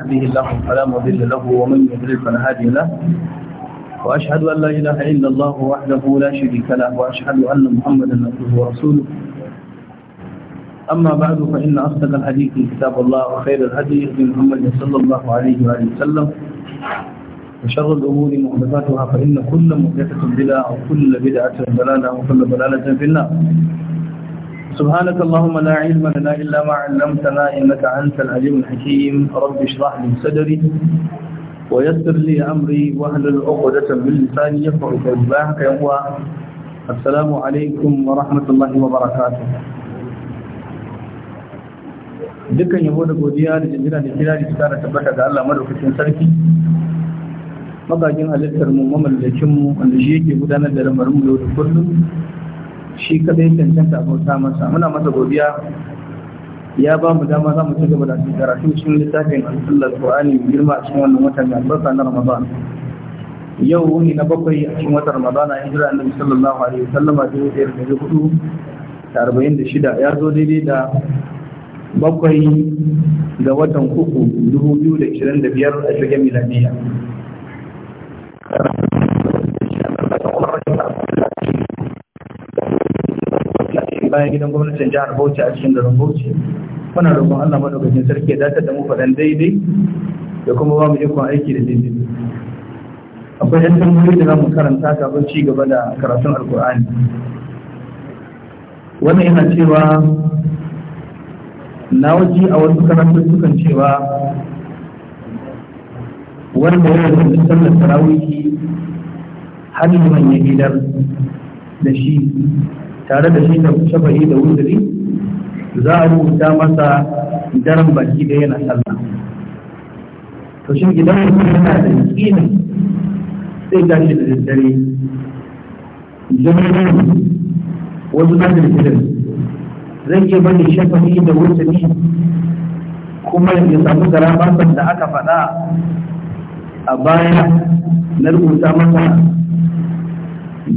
يهديه الله فلا مضل له ومن يضلل فلا هادي له وأشهد أن لا إله إلا الله وحده لا شريك له وأشهد أن محمدا عبده ورسوله أما بعد فإن أصدق الحديث كتاب الله وخير الهدي في محمد صلى الله عليه وآله وسلم وشر الأمور محدثاتها فإن كل محدثة بدعة وكل بدعة ضلالة وكل ضلالة في النار سبحانك اللهم لا علم لنا إلا ما علمتنا إنك أنت العليم الحكيم رب اشرح لي صدري ويسر لي أمري واهلل عقدة من لساني يفقهوا قولي باهك السلام عليكم ورحمة الله وبركاته dukkan yabo da godiya da jinjina da kira da tsara tabbata ga Allah madaukakin sarki magagin halittar mu mamallakin mu wanda shi yake gudanar da lamarin mu yau da kullum shi ya cancanta bauta masa muna masa godiya ya ba mu dama za mu ci gaba da karatu cikin littafin al-sunnah mai girma a cikin wannan watan da albarka na ramadan yau wuni na bakwai a cikin watan a hijira jira annabi sallallahu alaihi wasallam a dubu ɗaya da hudu da arba'in da shida ya zo daidai da bakwai ga watan uku dubu biyu da ishirin da biyar a cikin miladiya bayan gidan gwamnatin jihar Bauchi a cikin garin Bauchi muna roƙon Allah madaukakin sarki ya dace da mu faɗan daidai da kuma ba mu ikon aiki da daidai akwai yan tambayoyi da za mu karanta kafin ci gaba da karatun alkur'ani wannan yana cewa na waje a wasu karatun sukan cewa wanda ya yi sallar tarawihi har yi manya gidan da shi tare da shi da shafa'i da wuzuri za a rubuta masa daren baki da yana sallah to shin idan mutum yana da yakinin sai shi da daddare jami'in wasu na da zai iya bane shafa'i da wuzuri kuma ya samu garabasan da aka faɗa a baya na rubuta masa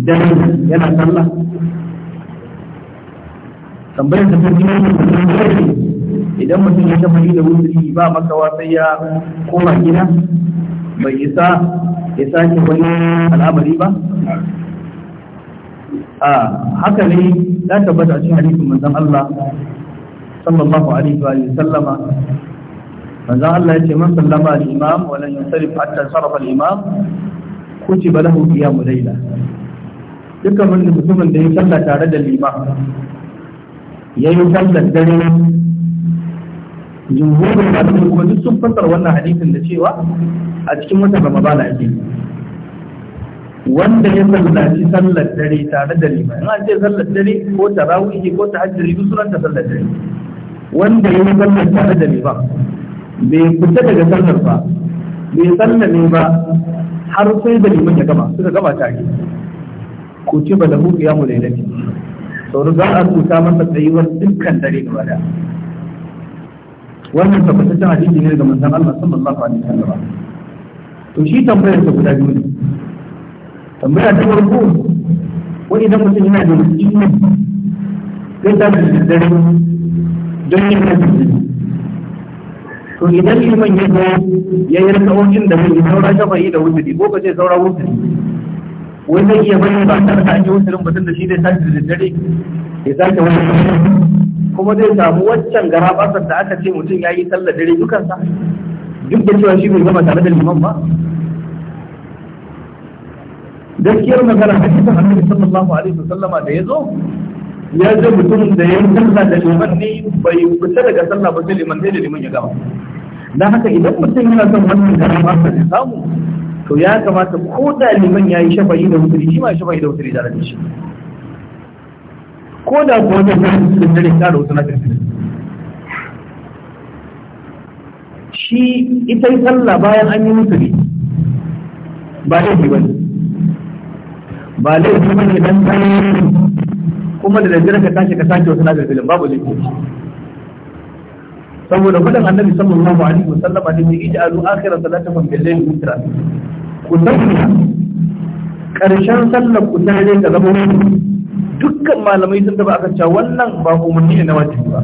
dan yana sallah tambayar da farko idan mutum ya tafi da wuri ba makawa sai ya koma gida bai isa ya sake wani al'amari ba a haka ne ya tabbata a cikin hadisin manzon Allah sallallahu alaihi wa sallama manzon Allah ya ce man sallama al-imam wa lan yansarif hatta sarafa al-imam kutiba lahu qiyamu layla dukkan wanda mutumin da ya salla tare da liman ya yi sallar dare jumhurin malamai kuma duk sun fassara wannan hadisin da cewa a cikin watan ramadan ake wanda ya sallaci sallar dare tare da liman in an ce sallar dare ko tarawih ko ta tahajjud duk sunan ta sallar dare wanda ya yi sallar tare da liman bai fita daga sallar ba bai ne ba har sai da liman ya gama suka gama tare Ku ce ba da mu ya mu ne sauri za a rubuta masa tsayuwar dukkan dare gaba daya wannan tabbataccen hadisi ne ga manzon Allah sallallahu alaihi wasallam to shi tambayar ta guda biyu ne tambaya ta farko ko idan mutum yana da jinni zai ta da dare don yin nafi to idan liman ya zo ya yi wajen da mai saura shafa'i da wuturi ko ba zai saura wuturi wai zai iya bari ba tare da an yi wuturin mutum da shi zai tashi da daddare ya sake wani kuma zai samu waccan gara basar da aka ce mutum ya yi sallar dare dukansa duk da cewa shi bai gama tare da liman ba gaskiyar magana a cikin annabi sallallahu alaihi wasallama da ya zo ya zo mutum da ya sallah da liman ne bai fita daga sallah ba sai liman sai da liman ya gama Na haka idan mutum yana son wannan gara basar ya samu to ya kamata ko ɗaliban ya yi shafa'i da wuturi shi ma shafa'i da wuturi da ranar shi ko da kuwa da zai da dare ta da wasu na shi ita yi sallah bayan an yi wuturi ba laifi ba ne ba laifi ba ne dan kuma da daddare ka tashi ka sake wasu na babu laifi saboda faɗin annabi sallallahu alaihi wa sallama ne mai ija alu akhira salatakum bil layli mutra ku sanya karshen sallar ku ta ne da zama dukkan malamai sun ba aka cewa wannan ba umarni ne na wajibi ba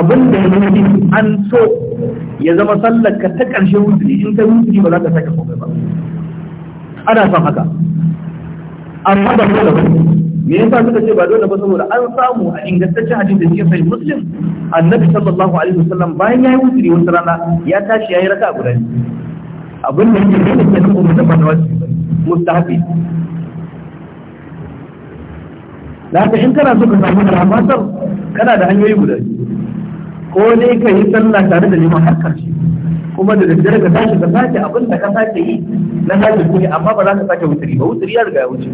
abin da ya yi an so ya zama sallar ka ta karshe wutri in ta wutri ba za ka sake komai ba ana son haka amma ba dole ba me yasa suka ce ba dole ba saboda an samu a ingantaccen hadisi da cikin sahih muslim annabi sallallahu alaihi wasallam bayan yayi wuturi wata rana ya tashi yayi raka'a guda abin da yake nuna kenan ko da ba mustahabi da haka in kana so ka samu rahmatar kana da hanyoyi guda ko ne ka yi sallah tare da neman harkar shi kuma da daddare ka tashi ka sake abin da ka sake yi na sake koyi amma ba za ka sake wuturi ba wuturi ya riga ya wuce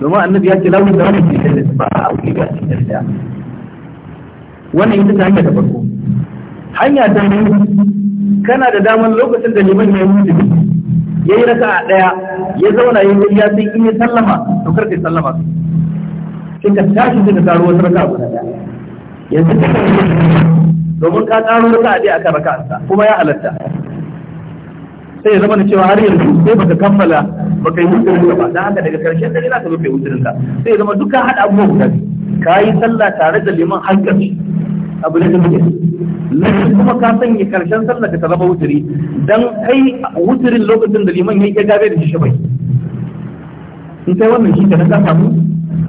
domin annabi ya ce lawo da wani ke da ba a wuri ba cikin da wannan ita ta hanyar da farko hanya ta biyu kana da damar lokacin da liman ya yi wuce ya yi raka a ɗaya ya zauna ya yi ya sai in ya sallama to kar ka sallama sai ka tashi sai ka karo wata raka guda ɗaya yanzu ka domin ka karo raka a ɗaya akan raka'arsa kuma ya halatta sai ya zama da cewa har yanzu sai baka kammala baka yi wuturin ka ba dan haka daga karshen dare za ka rufe kai wuturin ka sai ya zama duka haɗa abubuwa guda ka yi sallah tare da liman hankali abu ne da muke kuma ka sanya karshen sallah ka zama wuturi dan kai wuturin lokacin da liman ya gabe da shi bai in kai wannan shi kenan na samu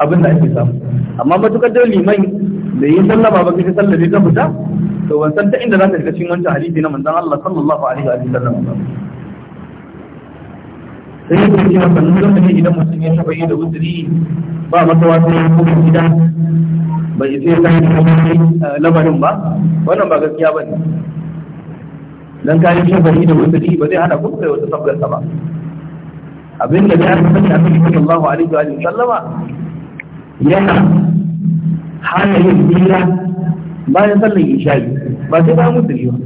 abin da ake samu amma matukar da liman da yi sallama ba kai sallabe ka fita to ban san ta inda za ta shiga cikin wancan hadisi na manzon Allah sallallahu alaihi wa sallam sai ya ce wa sannan da ne idan mutum ya taba yi da uzuri ba matawa wata ya kuma gida bai sai sai da lamarin eh, ba wannan ba gaskiya bane dan kai shi bari da uzuri ba zai hana ku kai wata sabgar ba abin da ya sani a cikin sallallahu alaihi wa sallama yana hana yin hira bayan sallar isha'i ba sai ba musulmi ba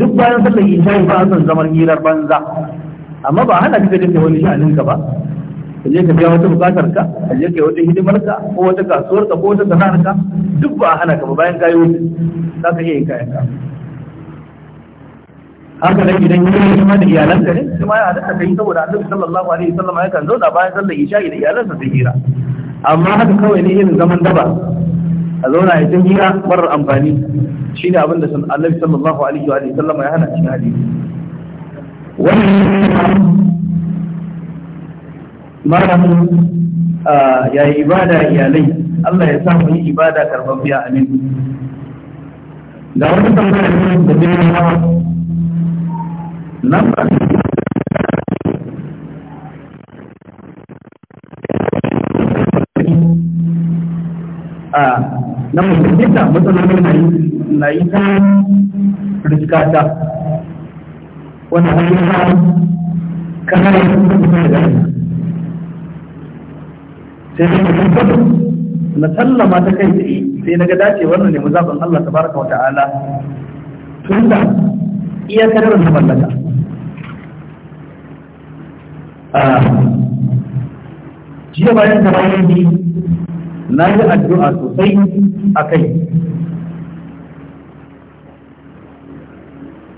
duk bayan sallar isha'i ba a son zaman hirar banza amma ba hana ka da wani sha'aninka ba ka je ka biya wata bukatar ka ka je ka yi wata hidimar ka ko wata kasuwar ka ko wata sana'ar ka duk ba a hana ka ba bayan kayi wuce za ka iya yin kayan ka haka nan idan yi hidima da iyalanka ne shi ma ya halatta kai saboda annabi sallallahu alaihi wasallam ya kan zauna bayan sallar isha'i da iyalansa su hira amma haka kawai ne irin zaman daba a zauna ya ta hira marar amfani shi ne abin da annabi sallallahu alaihi wa sallam ya hana cikin hadisi wannan malamin ya yi ibada iyalai Allah ya samu yi ibada karɓar karfafiya amin da wani tambaya ne da bin number na musulunta matsalolin na yi na yi ta riskata wanda hanyar ba kanar yin mutum da gani sai da mutum fadu na sallama ta kai tsaye sai na ga dace wannan ne mazaɓin Allah ta baraka wa ta'ala tun da iya kadarin ta mallaka jiya bayan ta bayan yi na yi addu'a sosai a kai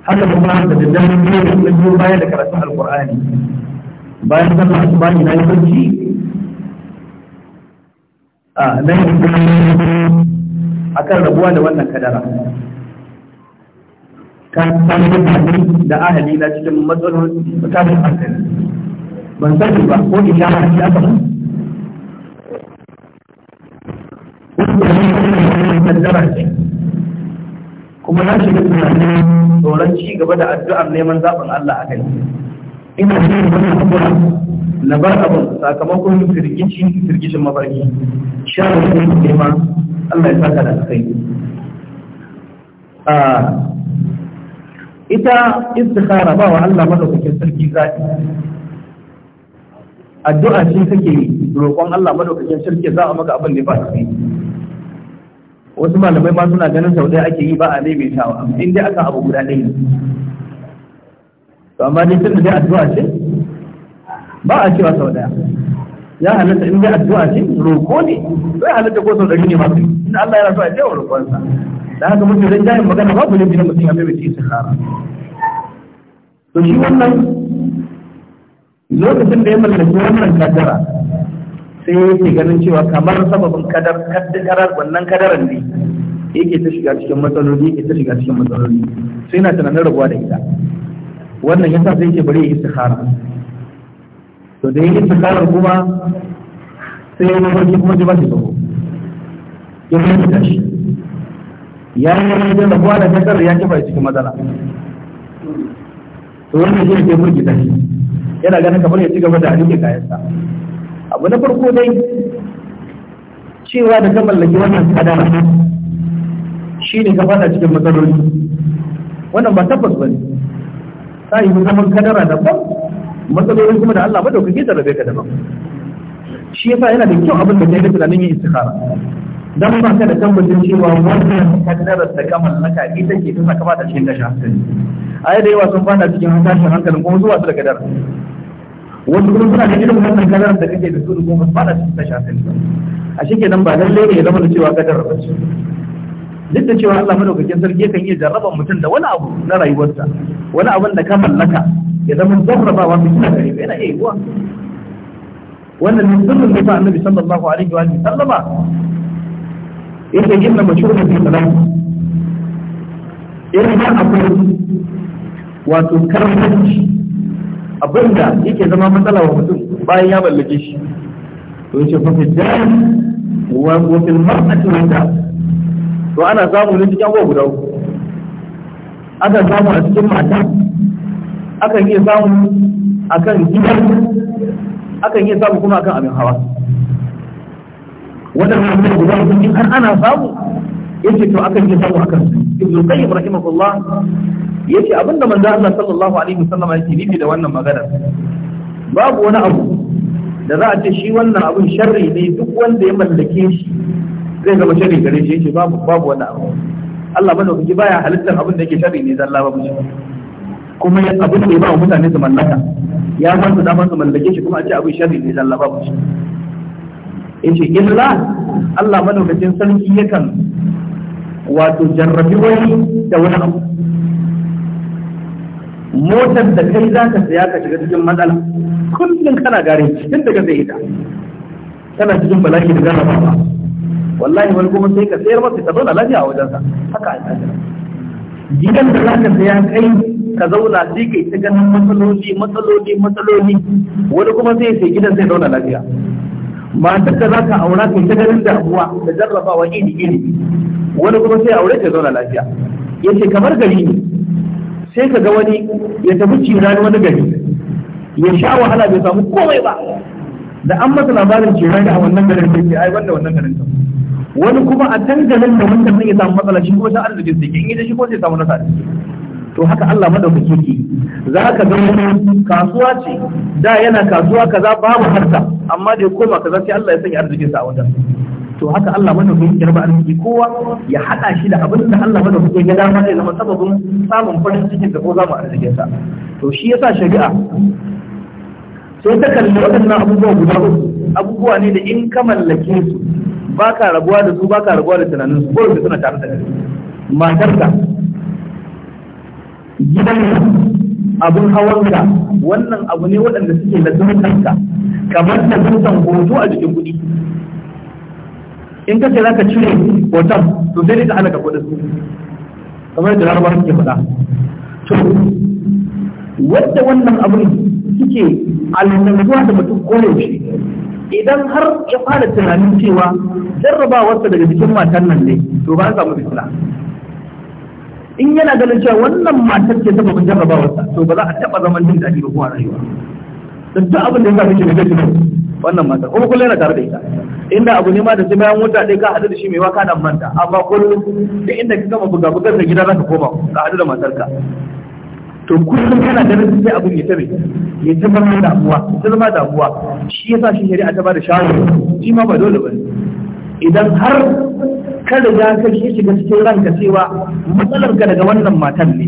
haka kuma da daddamin biyu da kuma bayan da karatun alkur'ani bayan sallah bani na yi barci a ah, nan yi a kan rabuwa da wannan kadara ka san mutane da ahali na cikin matsalolin mutanen hankali ban sani ba ko in shara shi aka ba kuma na shiga tunanin tsoron ci gaba da addu'ar neman zaɓin Allah a kai ina yin wani hakura na bar abin sakamakon firgici firgicin mafarki shawarar da nema Allah ya saka da kai ita istikhara ba wa Allah madaukakin sarki zaɓi addu'a shi kake roƙon Allah madaukakin sarki za a maka abin da ba su wasu malamai ma suna ganin sau ɗaya ake yi ba a maimaitawa in dai aka abu guda ɗaya to amma dai tun da addu'a ce ba a cewa sau ɗaya ya halatta in dai addu'a ce roƙo ne sai halatta ko sau ɗari ne masu in Allah yana so a ce wa roƙonsa da haka mutum ran jayin magana babu laifi na mutum ya maimaita istikhara to shi wannan lokacin da ya mallaki wannan kadara sai ya yake ganin cewa kamar sababin kadar kaddarar wannan kadaran ne yake ta shiga cikin matsaloli yake ta shiga cikin matsaloli sai na tunanin rabuwa da ita wannan yasa sai yake bari ya istikhara to da ya yake istikhara kuma sai ya yi mafarki kuma ji ba shi tsoro ya fahimta shi ya yi wani zai rabuwa da kasar ya kifa cikin matsala to wannan shi ke burge ta shi yana ganin kamar ya ci gaba da kayan sa. abu na farko dai cewa da ka mallaki wannan kadara shi ne ka fada cikin matsaloli wannan ba tabbas ba ne ta yi zaman kadara da ba. matsalolin kuma da Allah madaukake da rabe ka daban shi yasa yana da kyau abin da kai da tunanin yin istikhara dan ba ka da tabbacin cewa wannan kaddarar da kamar ka ita ce ta saka da cikin tashin hankali a da yawa sun fada cikin tashin hankalin kuma zuwa su da kadar wasu kuma suna da irin wannan kadar da kake da su da kuma fada cikin da hankali a shi kenan ba lallai ne ya zama da cewa kadar ba ce duk da cewa Allah madaukakin sarki yakan iya jarraba mutum da wani abu na rayuwarsa wani abin da ka mallaka ya zama jarrabawa mutum da gari yana iya yiwuwa wannan ne sirrin da annabi sallallahu alaihi wa sallama yake inna mashhurun fi salat irin a akwai wato karfaci abinda yake zama matsala wa mutum bayan ya mallake shi to yace fa fidan wa wa fil mar'ati wanda to ana samu ne cikin abubuwa guda uku akan samu a cikin mata akan iya samu akan gidan akan iya samu kuma akan abin hawa wadannan abin guda biyu har ana samu yace to akan yi samu akan ibnu qayyim rahimahullah yace abinda manzo Allah sallallahu alaihi wasallam yake nufi da wannan magana babu wani abu da za a ce shi wannan abun sharri ne duk wanda ya mallake shi zai zama sharri gare shi yace babu babu wani abu Allah madaukaki baya halittar abin da yake sharri ne zalla ba shi kuma abin da ya ba mutane su mallaka ya san su damar su mallake shi kuma a ce abin sharri ne zalla ba shi yace illa Allah madaukakin sarki yakan wato jarrabi wani da wani abu motar da kai za ka saya ka shiga cikin matsala kullum kana gare cikin daga zai ita kana cikin bala'i da gana ba wallahi wani kuma sai ka sayar masa ta zauna lafiya a wajensa haka a tsakira gidan da za ka saya kai ka zauna sai kai ta ganin matsaloli matsaloli matsaloli wani kuma sai sai gidan sai zauna lafiya matar da za ka aura kai ta ganin damuwa da jarrabawa iri iri wani kuma sai aure ta zauna lafiya ya ce kamar gari ne sai ka ga wani ya tafi cirani wani gari ya sha wahala bai samu komai ba da an masa labarin cirani a wannan garin sai ai wanda wannan garin ta wani kuma a can garin da wanda ya samu matsala shi kuma sai arzikin ke in yi da shi kuma sai samu nasara to haka Allah madaukaki ke za ka ga kasuwa ce da yana kasuwa kaza babu harka amma da ya koma kaza sai Allah ya sanya arzikin sa a wajen to haka Allah madaukaki ki raba arziki kowa ya hada shi da abin da Allah madaukaki ya dama da zama sababin samun farin ciki da ko zamu arzikin sa to shi yasa shari'a sai ta kalli waɗannan abubuwa guda uku abubuwa ne da in ka mallake su baka rabuwa da su baka rabuwa da tunanin su ko da suna tare da kai matarka gidan abun hawanka wannan abu ne waɗanda suke da kanka kamar da zuwa hoto a jikin kuɗi in ka ce za ka cire hoton to sai ka halaka kuɗin kamar da rarrabar suke faɗa to wadda wannan abun suke zuwa da mutum shi idan har ya fara tunanin cewa jarrabawarsa daga jikin matan nan ne to ba a samu bisla in yana ganin cewa wannan matar ce sababin jarrabawarsa to ba za a taɓa zaman jin daɗi ba kuma rayuwa da duk abin da ya zafi ke da gaji wannan matar kuma kullum yana tare da ita inda abu ne ma da sai bayan wuta ɗaya ka haɗu da shi mai waka da manta amma kullum da inda ka gama buga bugar da gida zaka koma ka haɗu da matarka to kullum yana ganin sai abin ya tabe ya tabar da damuwa ya zama damuwa shi yasa shi shari'a ta bada shawara shi ma ba dole ba idan har ka ya ka shi shiga cikin ranka cewa matsalar ka daga wannan matan ne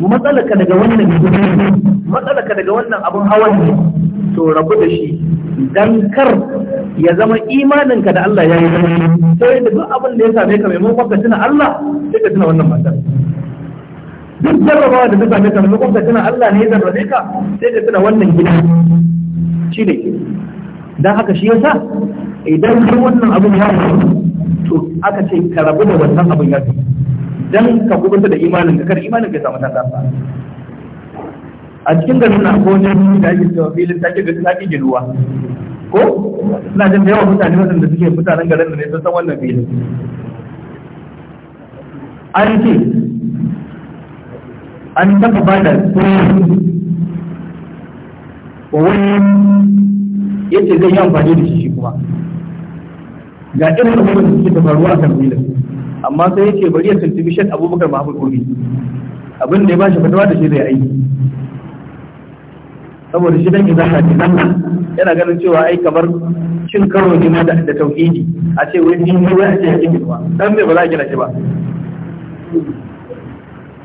matsalar ka daga wannan gidan ne matsalar ka daga wannan abun hawan ne to rabu da shi dan kar ya zama imanin ka da Allah ya yi zama. sai da duk abin da ya same ka maimakon ka tuna Allah sai ka tuna wannan matan duk jarrabawa da ta same ka maimakon ka tuna Allah ne ya jarrabe ka sai ka tuna wannan gidan shi ne dan haka shi yasa idan duk wannan abin ya faru to aka ce ka rabu da wannan abin ya fi dan ka kubuta da imanin ka kar imanin ka samu tantansa a cikin da na ko ne da ake cewa filin ta ke ta ke ko ina jin da yawan mutane da suke mutanen garin da ne sun san wannan filin an ce an taɓa ba da wani ce zai yi amfani da shi kuma ga irin abubuwan da suke faruwa a tarbilin amma sai yake bari ya tuntubi shan abubakar mahabul kurmi abin da ya bashi fatawa da shi zai aiki saboda shi dan idan haji nan yana ganin cewa ai kamar cin karo ne da da tauhidi a ce wai din wai a ce yakin ba dan bai ba za a gina shi ba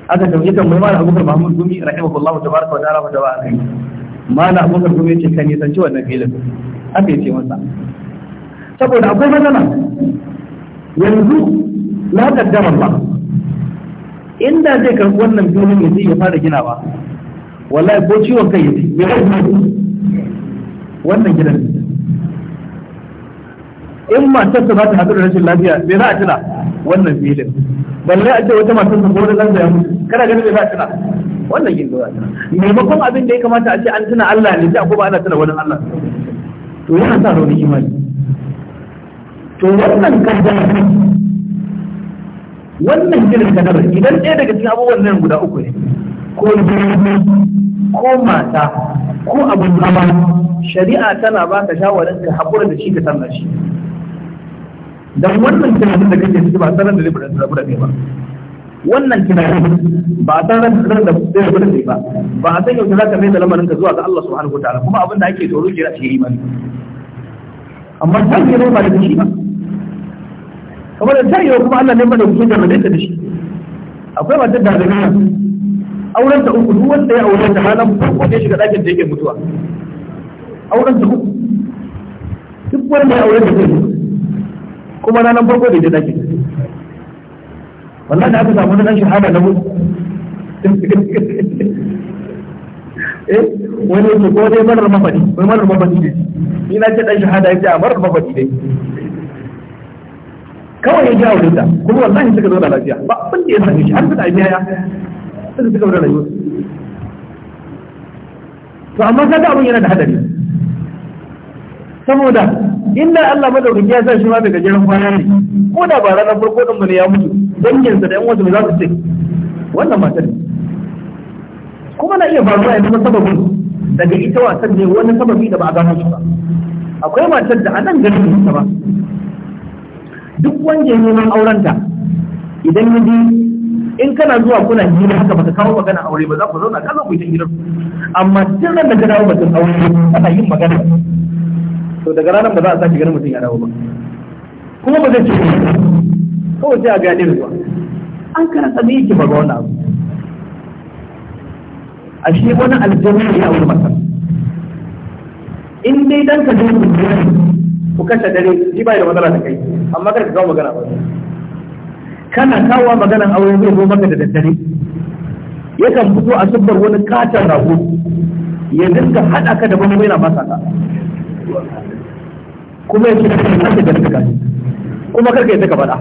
aka tauhidi kan mai malam abubakar mahmud gumi rahimahullahu tabaraka wa ta'ala fatawa akai malam abubakar gumi yake kan yi san cewa na filin haka yace masa saboda akwai matsala yanzu na kaddara ba inda zai karɓi wannan filin ya ya fara ginawa wallahi ko ciwon kai yaji ya kai wannan gidan in matar ta za ta haɗu da rashin lafiya me za a tuna wannan filin balle a ce wata matar ta gore zan ya mutu kana ganin me za a tuna wannan gidan za a tuna maimakon abin da ya kamata a ce an tuna Allah ne sai a kuma ana tuna wani Allah to yana sa rauni imani to wannan kaddara wannan irin kaddara idan ɗaya daga cikin abubuwan nan guda uku ne ko jirgi ko mata ko abin zama shari'a tana ba ka shawarar ka haƙura da shi ka sanna shi dan wannan tunanin da kake ciki ba sanar da liberal da rabu ba wannan tunanin ba a san ranar da zai rabu da ba ba a san yau za ka mai da lamarin ka zuwa ga Allah subhanahu wataala kuma abin da ake tsoro ke da shi imani amma ta ke ba da shi ba kamar da ta yiwa kuma Allah ne bada kusa da ita da shi akwai matar da daga auren ta uku duk wanda ya auren ta halan farko ne shiga dakin da yake mutuwa auren ta uku duk wanda ya auren ta zai kuma ranar farko da ya dakin wannan da aka samu nan hada na mutu eh wani yake ko dai marar mafadi wani marar mafadi ne ni na ce dan shahada yake a marar mafadi dai kawai ya jawo da, kuma wallahi suka zo da lafiya ba abin da ya sani shi har suka aiki yaya suka suka zauna rayuwa to amma kaga abin yana da hadari saboda inda Allah madaukaki ya sa shi ma daga jiran kwana ne ko da ba ranar farko din bane ya mutu danginsa da yan wasu za su ce wannan matar kuma na iya faruwa ya zama sababin daga ita wasan ne wani sababi da ba a gano shi ba akwai matar da a nan ganin ta ba duk wanda ya neman aurenta idan ya in kana zuwa kuna jini haka baka kawo magana aure ba za ku zauna kana ku yi ta hirar amma duk nan da ka dawo batun aure ana yin magana to daga ranar ba za a sake ganin mutum ya dawo ba kuma ba zai ce kawai sai a ga ɗin ruwa an kana me yake ba ga wannan abu ashe wani aljanna ya aure masa in dai dan ka je ku ku kashe dare ni bai da matsala da kai amma kar ka kawo magana ba kana kawo maganan aure zai zo maka da daddare yakan fito a subbar wani katon rago ya dinga haɗa ka da wani mai na masa ka kuma yake da kake da kake kuma karka yadda ka faɗa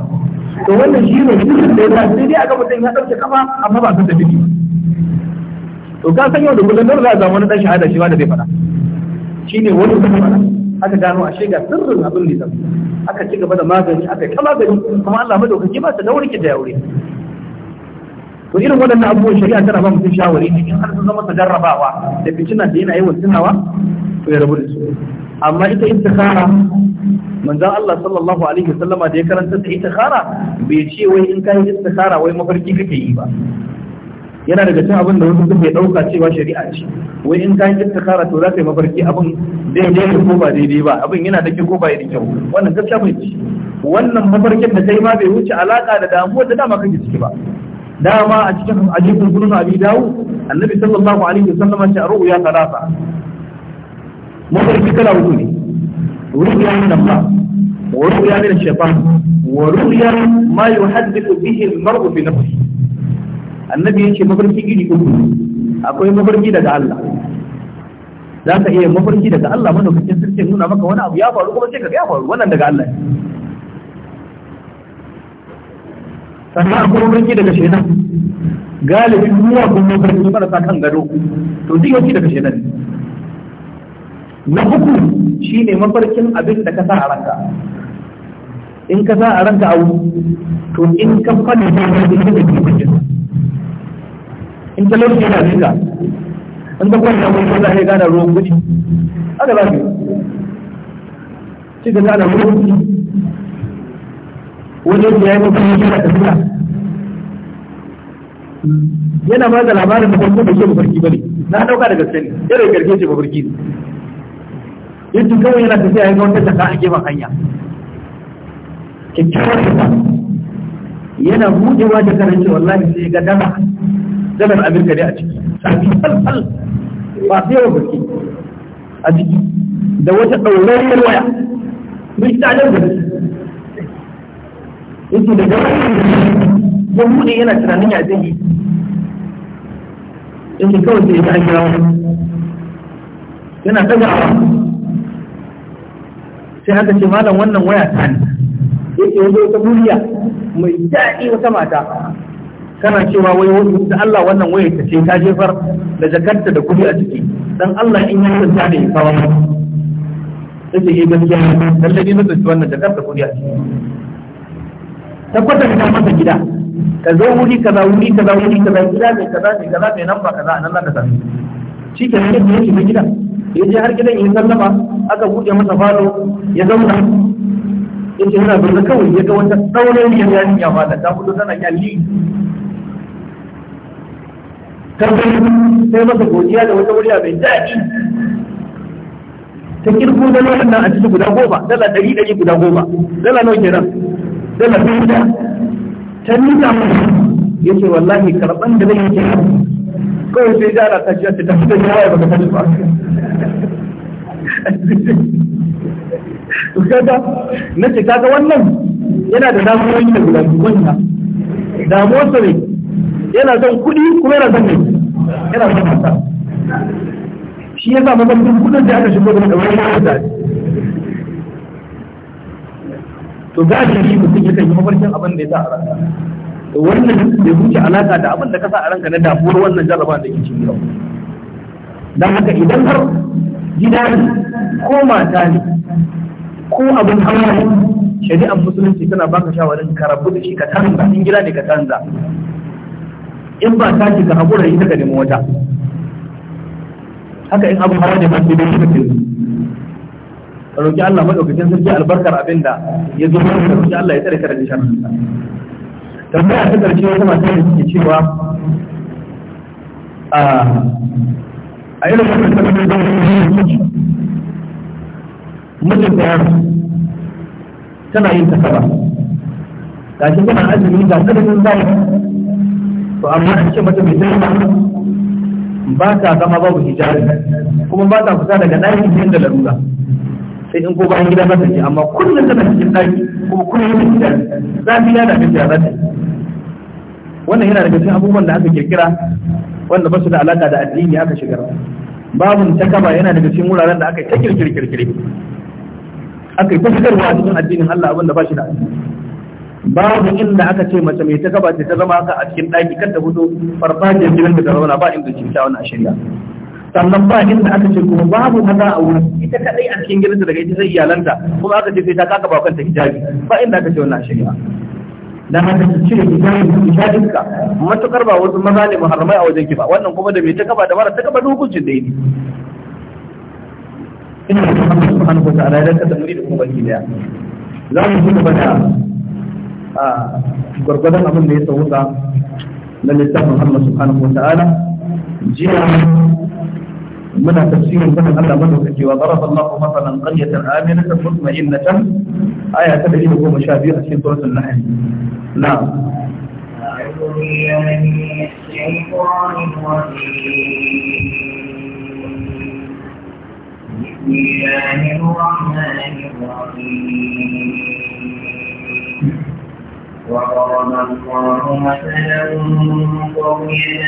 to wannan shi ne cikin da ya sai dai aka mutum ya ɗauke kafa amma ba san da ciki to ka san yau da kullum dole za a samu wani ɗan shahada shi ba da zai faɗa shine wani zai faɗa aka gano ashe ga sirrin abin lisan aka ci gaba da magani aka ta magani kuma Allah madaukaki ba ta daurki da yaure to irin waɗannan abubuwan shari'a tana ba mutum shawari ne in har sun zama jarrabawa da fitina da yana yawan tunawa to ya rabu da su amma ita istikhara manzon Allah sallallahu alaihi wasallama da ya karanta ta istikhara bai ce wai in kayi kai istikhara wai mafarki kake yi ba yana daga cin abin da wasu suke ɗauka cewa shari'a ce wai in kayan kara to za ka yi mafarki abin daidai ne ko ba daidai ba abin yana da kyau ko ba da kyau wannan gaskiya bai ci wannan mafarkin da kai ma bai wuce alaka da damuwa da dama kake ciki ba dama a cikin ajikun sunan abi dawo annabi sallallahu alaihi wasallam ce a ru'ya talata mafarki kala uku ne ru'ya nan ba wa ru'ya min shaytan wa ru'ya ma yuhaddithu bihi al-mar'u fi nafsihi annabi yake mafarki iri uku akwai mafarki daga Allah za ka iya mafarki daga Allah mana madaukakin sirce nuna maka wani abu ya faru kuma sai ka ya faru wannan daga Allah sannan akwai mafarki daga shaitan galibin ruwa kuma mafarki marasa kan gado to duk yake daga shaitan na uku shine mafarkin abin da ka sa a ranka in ka sa a ranka abu to in ka fadi ne da ke cikin talauci yana ninka in ka kwanta mun za ka gana ruwan kuɗi haka za ka shi ka gana ruwan kuɗi wajen da ya yi mutum yake da tafiya yana ba da labarin da farko da ke mafarki ba ne na ɗauka daga sani, ne yana da karfe ce mafarki ne yadda kawai yana tafiya ya ga wata jaka a gefen hanya kyakkyawar ta yana buɗewa da karanci wallahi sai ga dama dalar amurka ne a ciki sabi falfal ba sai yawan gaske a ciki da wata ɗaurariyar waya mai tsadar da yake da gaba ya buɗe yana tunanin ya zai yi yake kawai sai ya kira yana daga sai aka ce malam wannan waya ta ne yake wajen wata buriya, mai daɗi wata mata kana cewa wai wani da Allah wannan waya ta ce ta jefar da jakarta da kuɗi a ciki dan Allah in ya tsanta da ya kawo sai ya eh, gaskiya lalle ne na tsanci wannan jakarta kuɗi a ciki ta kwatanta masa gida ka zo wuri kaza wuri kaza wuri kaza gida mai kaza mai kaza mai nan ba kaza a nan za ka sami shi ke nan ya shiga gida ya je har gidan ya sallama aka buɗe masa falo ya zauna ya yana zaune kawai ya ga wata saurin ya yi ya mata ta fito tana kyalli kallon sai masa godiya da wata murya mai daɗi ta kirko da nan a cikin guda goma dala ɗari ɗari guda goma dala nawa kenan dala ɗari da ta nuna masa ya ce wallahi karɓan da zai yi kenan kawai sai da ta ce ta tafi da yawa ya baka tafi ba kaga na ce kaga wannan yana da damuwa da guda biyu wannan damuwarsa ne yana son kuɗi kuma yana son ne yana son kasa shi ya sa mafarkin kudin da aka shigo da wani mata to za a shi mutum ya kan yi mafarkin abin da ya sa a ranka wannan da huce alaka da abin da ka sa a ranka na damuwar wannan jarraba da ke cikin yau don haka idan har gida ne ko mata ne ko abin hawa ne shari'ar musulunci tana baka shawarin ka rabu da shi ka canza in gida ne ka canza in ba ta ka haƙura ita ka nemi wata haka in abin hawa ne ma sai dai shi kake ka roƙi Allah madaukakin sarki albarkar abin da ya zo Ka roƙi Allah ya tsare ka daga sharrin tambaya ta karshe wata mata da suke cewa a ah, a irin da sabbin da mutum da yaro tana yin ta saba ga shi tana azumi ga tsananin zai to amma an ce mata mai jami'a ba ta zama babu hijabi kuma ba ta fita daga ɗakin cikin da larura sai in ko bayan gida za ce amma kullum tana cikin ɗaki kuma kullum tana hijabi zafi ya dame ta za ta wannan yana daga cikin abubuwan da aka kirkira wanda ba su da alaka da addini aka shigar ta takaba yana daga cikin wuraren da aka ta kirkire aka yi ta a cikin addinin Allah abinda da ba shi da addini babu inda aka ce mace mai ta gaba ta zama haka a cikin ɗaki kan ta fito farfajiyar gidan da ta zauna ba inda ta wani shirya sannan ba inda aka ce kuma babu maza a wurin ita kadai a cikin gidan daga ita sai iyalanta kuma aka ce sai ta kaka ba kanta hijabi ba inda aka ce wani ashirya. dan haka ki cire hijabi ki sha matukar ba wasu maza ne muharramai a wajen ki ba wannan kuma da mai ta gaba da mara ta gaba dukuncin hukuncin da yake ina da kuma subhanahu wa ta'ala ya danta da muni da kuma baki daya za mu ci gaba da gwargwadon abin da ya sauka na littafin Allah subhanahu wa ta'ala jiya muna tafsirin fadin Allah madaukaki wa qarafa Allahu masalan qaryatan aminatan mutma'innatan aya ta 112 a cikin suratul nahl na'am أعوذ بالله من الشيطان الرجيم بسم الله الرحمن الرحيم وضرب الله مثلا قرية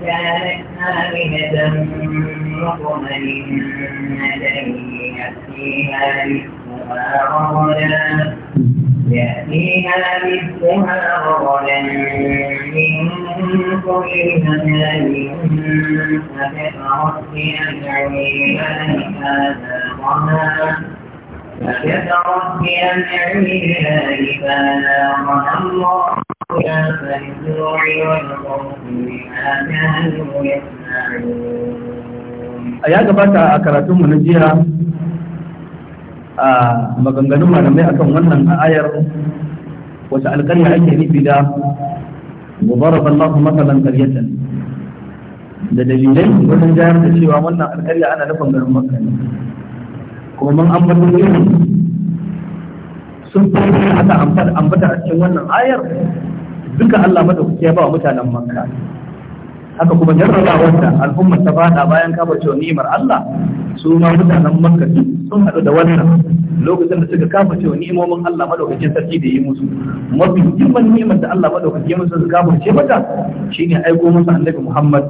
كانت آمنة مطمئنة يأتيها رزقها رغدا يأتيها رزقها رغدا من كل مكان فكفرت بأنعم الله هذا a ya gabata a karatunmu na jiya a maganganun malamai akan wannan ayar wata alƙarya ake nufi da mubarak Allah matsalan ƙaryatan da dalilai wajen jayar da cewa wannan alƙarya ana nufin garin makka kuma mun ambata irin sun fara aka ambata a cikin wannan ayar duka Allah madaukaki ya ba wa mutanen Makka haka kuma jarraba wanda al'ummar ta fada bayan kafarce ni'imar Allah su ma mutanen Makka sun haɗu da wannan lokacin da suka cewa ni'imomin Allah madaukakin sarki da yi musu mafi girman ni'imar da Allah madaukakin musu su ce mata shine aiko musu annabi Muhammad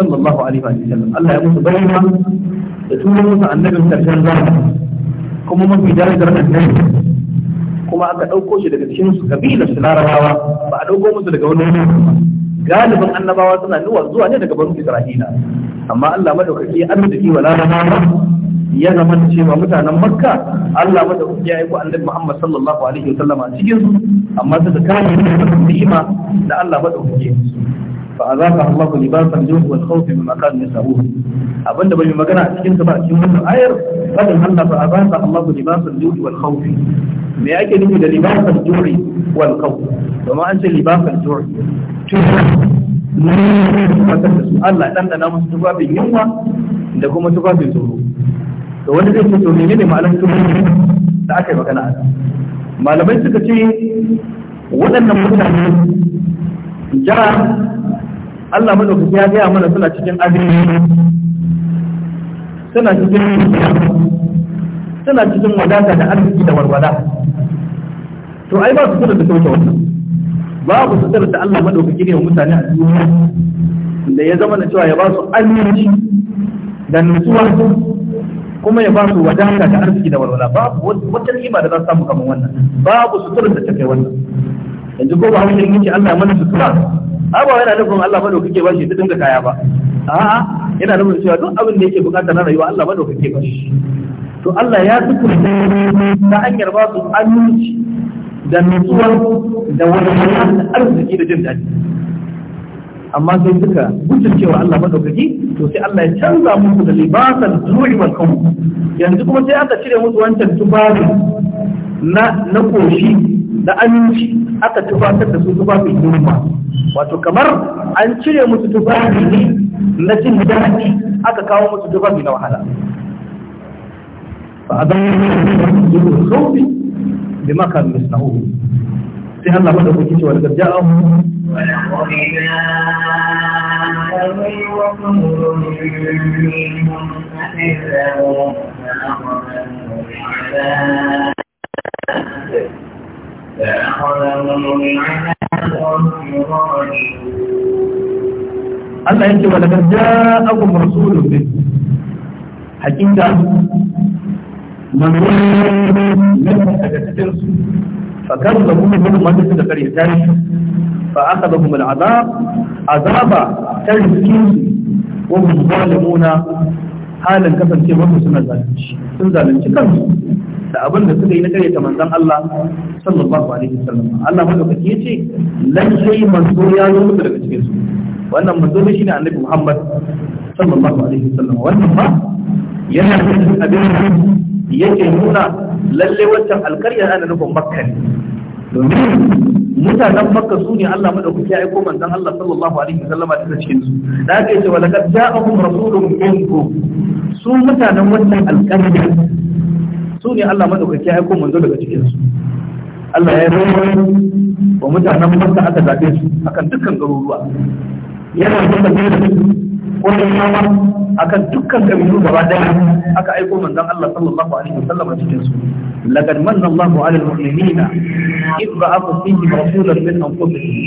sallallahu alaihi wa sallam Allah ya musu bayyana da tura musu annabin karshen zamani kuma mafi darajar annabi kuma aka ɗauko shi daga cikin kabilar su larabawa ba a ɗauko musu daga wani wani galibin annabawa suna nuwa zuwa ne daga banu isra'ila amma allah madaukaki ya arziki wa larabawa ya zama da cewa mutanen makka allah madaukaki ya aiko annabi muhammad sallallahu alaihi wa sallama cikin su amma suka kare ni'ima da allah madaukaki fa azaka Allah libas al-juu' wal khawf mimma kanu yasawun abinda bai magana a cikin sa ba a cikin masu ayar fadin Allah fa azaka Allah libas al-juu' wal khawf me yake nufi da libas al wal khawf kuma an da su Allah da tufafin yunwa da kuma tufafin tsoro to wanda zai ce to menene ma'anar tufafin da aka yi magana a malamai suka ce waɗannan mutane jara Allah madaukaki ya gaya mana suna cikin azumi suna cikin suna cikin wadata da arziki da warwada to ai ba su suna da kauce wannan babu su da Allah madaukaki ne wa mutane a duniya da ya zama na cewa ya ba su aminci da nutsuwa kuma ya ba su wadata da arziki da walwala babu wata ni'ima da za su samu kamar wannan babu suturar da ta kai wannan yanzu ko ba hankali yake Allah ya mana sutura ba yana nufin Allah ba kake ba shi ta dinga kaya ba a'a yana nufin cewa duk abin da yake bukata na rayuwa Allah ba kake ba shi to Allah ya tuku ta hanyar ba su aminci da nutsuwa da wani arziki da jin daɗi amma sai suka cewa Allah madaukaki to sai Allah ya canza musu da libasan zuri kanku yanzu kuma sai aka cire musu wancan tubabin na na koshi da aminci aka tufatar da su mai girma, wato kamar an cire musu tufafi ne na jin daɗi aka kawo musu tufafi na wahala fa adan yunwa sauki bi makan misnahu sai Allah mada kuke cewa daga ja'a منهم أحبهم فأخذهم العذاب Allah yake wa daga ja'akum rasulun bi hakika manzo ne daga cikin su fa kazzabu min wanda suka kare tarihi fa akabahum al'azab azaba tarihi wa hum zalimuna halin kasancewa suna zalunci sun zalunci kansu da abin da suka yi na karyata manzon Allah sallallahu alaihi wasallam Allah madaukaki yace lallai manzo ya zo muku daga cikin su wannan manzo ne shine annabi Muhammad sallallahu alaihi wasallam wannan ma yana cikin abin yake nuna lalle wancan alkarya ana nufin Makka ne domin mutanen makka su ne Allah madaukaki ya aiko manzon Allah sallallahu alaihi wasallam a cikin cikin su da aka ce walaqad ja'ahum rasulun minkum su mutanen wannan alƙarya su ne Allah madaukaki ya aiko manzo daga cikin su Allah ya rawo wa mutanen Makka aka zabe su akan dukkan garuruwa yana da tabbata ko da yawa akan dukkan kabilu gaba daya aka aiko manzon Allah sallallahu alaihi wasallam cikin su laqad manna Allahu 'ala al-mu'minina id ba'atha fihim rasulan min anfusihim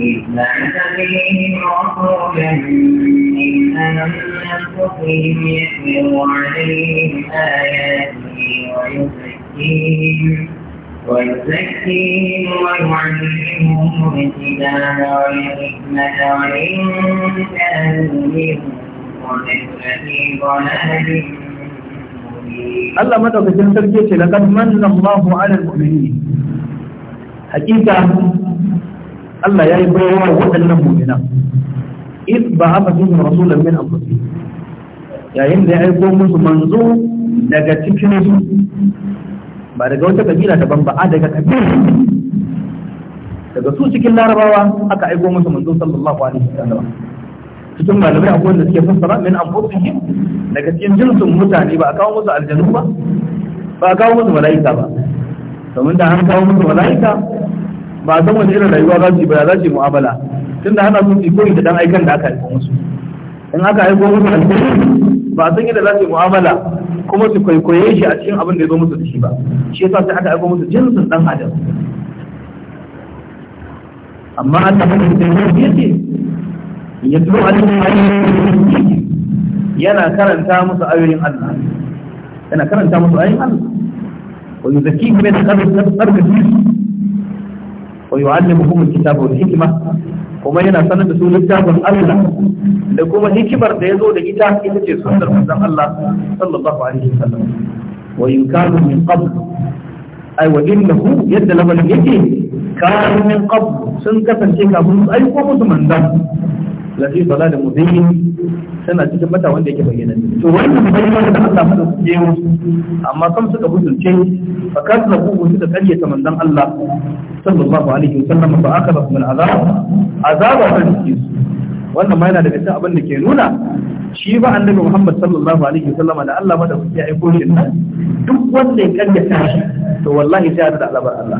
إذ بعث فيهم رسولا من أنفسهم ويزكيهم ويزكيهم ويعلمهم الكتاب والحكمة وإن كانوا من قبل ففي ضلال Allah madaukakin sarki ce laqad manna Allahu 'alal mu'minin hakika Allah ya yi bayarwa waɗannan mu'minan in ba haka sun rasulun min anfusih yayin da ya aiko musu manzo daga cikin su ba daga wata kabila daban ba a daga kabila daga su cikin larabawa aka aiko musu manzo sallallahu alaihi wasallam cikin malamai akwai wanda suke fassara min anfusihim daga cikin jinsin mutane ba a kawo musu aljanu ba ba a kawo musu mala'ika ba domin da an kawo musu mala'ika ba san wani irin rayuwa za su yi ba za su yi mu'amala tun da hana su su koyi da dan aikan da aka haifo musu in aka haifo musu alkhairi ba san yadda za su yi mu'amala kuma su kwaikwaye shi a cikin abin da ya zo musu da shi ba shi yasa sai aka haifo musu jinsin dan adam amma an tafi da sai ya ce ya tuno alkhairi yana karanta musu ayoyin Allah yana karanta musu ayoyin Allah wa yuzakkihim min qabl tsarkake wa yu'allimuhum al-kitaba wal hikma kuma yana sanar da su littafin da kuma hikimar da ya zo da ita ita ce sunnar manzon Allah sallallahu alaihi wasallam wa in kanu min qabl ay wa innahu yadda lamal yake kanu min qabl sun kasance kafin su aiko musu manzon lafi salalin mudayyin tana cikin mata wanda yake bayyana ne. to wannan bayyana da Allah mu ke amma kam suka butulce fa kaza ku suka karyata manzon Allah sallallahu alaihi wasallam fa akaba min azab azaba ta cikin wannan ma yana daga cikin abin da ke nuna shi ba annabi Muhammad sallallahu alaihi wasallam da Allah ma madaukaki ya aiko shi duk wanda ya karyata shi to wallahi sai ya da alabar Allah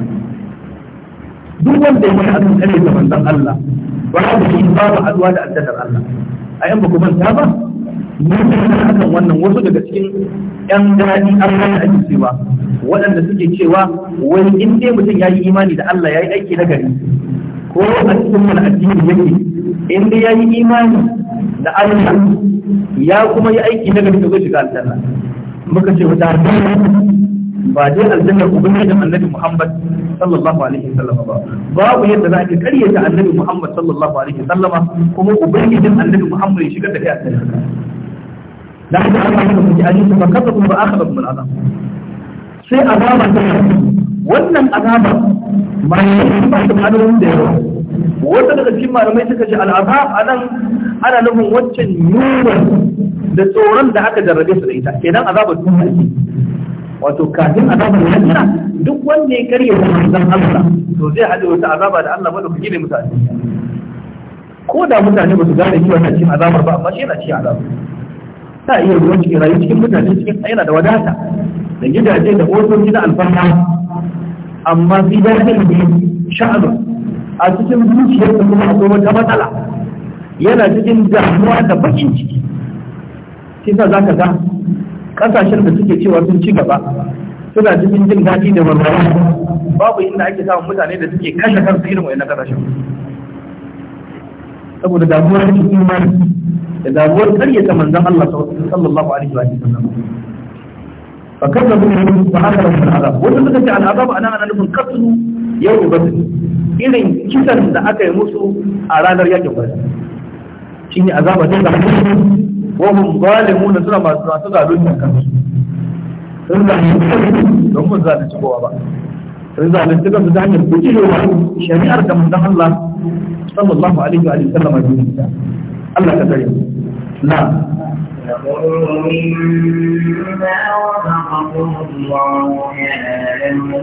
duk wanda ya wani abin kare da manzon Allah za ku yi babu haduwa da addadar Allah a yan baku manta ba mun san akan wannan wasu daga cikin yan daɗi Allah da ake cewa waɗanda suke cewa wai in dai mutum ya yi imani da Allah ya yi aiki na gari ko a cikin wani addini yake in dai ya yi imani da Allah ya kuma yi aiki na gari to zai shiga aljanna muka ce wata ba dai aljannar ubangijin annabi Muhammad sallallahu alaihi sallama ba babu yadda za ka karyata annabi Muhammad sallallahu alaihi sallama, kuma ubangijin annabi Muhammad ya shigar da kai aljanna da haka Allah da saki ajin ba kaza kuma ba akhadha min azab sai azaba ta wannan azaba ma ne ba ta hadarin da yawa wanda daga cikin malamai suka ce a nan ana nufin waccan yunwar da tsoron da aka jarrabe su da ita kenan azabar duniya wato kafin azabar lahira duk wanda ya karya da manzon Allah to zai haɗe wata azaba da Allah madaukaki ne mutane ko da mutane ba su gane cewa yana cikin azabar ba amma shi yana cikin azabar ta iya ruwan cikin rayu cikin mutane cikin yana da wadata da gidaje da otoci na alfarma amma sai da yake da sha'anu a cikin zuciyar da kuma akwai wata matsala yana cikin damuwa da bakin ciki shi sa zaka ga kasashen da suke cewa sun ci gaba suna cikin jin daɗi da walwala babu inda ake samun mutane da suke kashe kansu irin wayannan kasashen saboda damuwar cikin imani da damuwar karyata manzon Allah sallallahu alaihi wa sallam فكذبوا فحصلهم العذاب wanda suka ce al'azab ana ana nufin katsu yau ba irin kisan da aka yi musu a ranar yakin ba shine azaba ta zama wahum zalimuna suna masu masu zalunta kansu sun zalunci don mun zalunci kowa ba sun zalunci kansu ta hanyar bujirewa shari'ar da manzon Allah sallallahu alaihi wa sallam ya Allah ka tare na يقول مما وفقكم الله يعلم